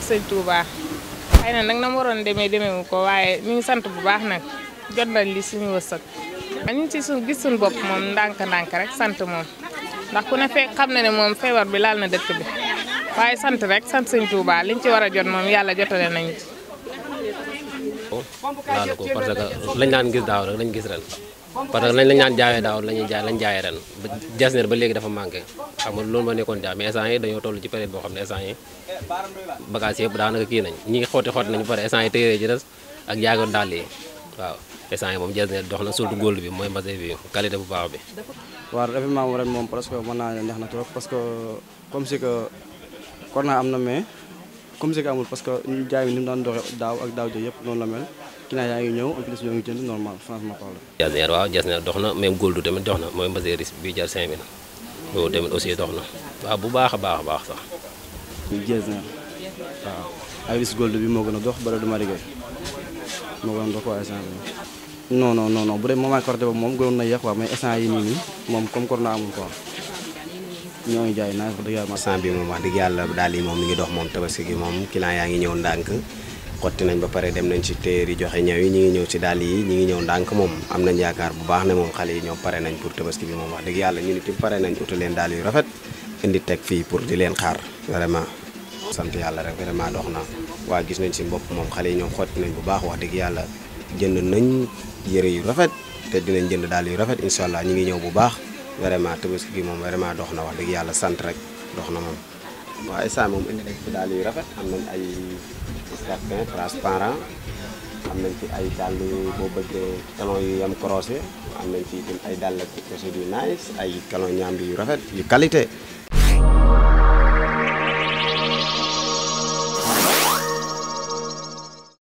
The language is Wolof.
sant sëñ Touba baax na nag na mu waroon demee demeewu ko waaye ñu ngi sant bu baax nag jot nañ li suñu wërsëg. ñu ngi ci suñu gis suñu bopp moom ndànk-ndànk rek sant moom ndax ku ne fekk xam na ne moom feebar bi laal na dëkk bi waaye sant rek sant sëñ Touba liñ ci war a jot moom yàlla jotale nañu ci. laal ko parce que lañ naan gis daaw lañ gis ren parce que lañ lañ naan jaayee daaw lañuy jaay jaayee ren ba jas ba léegi dafa manqué xam nga loolu ma nekkoon jaay mais dañoo toll ci période boo xam ne instant yi bagage yëpp daanaka kii nañ ñi ngi xotti xotti nañ pare essence yi téere ci des ak yaagoon dàll yi waaw essence moom jees na surtout góol bi mooy mbase bi qualité bu baax bi waaw événement wu ren moom presque mën naa ne neex na trop parce que comme si que am na mais comme si que que ñu jaay bi ni mu daan daaw ak daaw jëy yëpp noonu la mel client yaa ngi jënd normal franchement parle jees neer waaw jees neer dox na même góol du tamit dox na mooy mbase risque bi jar 5000 loolu aussi dox na waaw bu baax a baax a baax sax jees na waaw Gold bi moo gën a dox ba du Marie moo gën a dox waaye instant bi non non non non bu dee moment Korité boobu moom gënoon na yéex waaw mais yi nii nii moom comme Corona amul quoi ñoo ngi jaay naa wax dëgg yàlla. wax dëgg yàlla daal yi moom mi ngi dox moom tabaski gi moom client yaa ngi ñëw ndànk xotti nañ ba pare dem nañ ci téer yi joxe ñëw yi ñi ngi ñëw ci daal yi ñi ngi ñëw ndànk moom am nañ yaakaar bu baax ne moom xale yi ñoom pare nañ pour tabaski bi moom wax dëgg yàlla ñu nit pare nañ utu leen daal yu rafet indi teg fii pour di leen xaar vraiment sant yàlla rek vraiment dox na waa gis nañ si mbopp moom xale yi ñoom xotti nañ bu baax wax dëgg yàlla jënd nañ yëre yu rafet te dinañ jënd daal yu rafet incha allah ñu ngi ñëw bu baax vraiment tabaski gi moom vraiment dox na wax dëgg yàlla sant rek dox na moom. waaw instant moom indi nañ fi daal yu rafet am nañ ay escarpins transparent am nañ fi ay dàll boo bëggee talon yu yam croisé am nañ fi itam ay dàll ak procédure nice ay talon ñaam yu rafet yu qualité.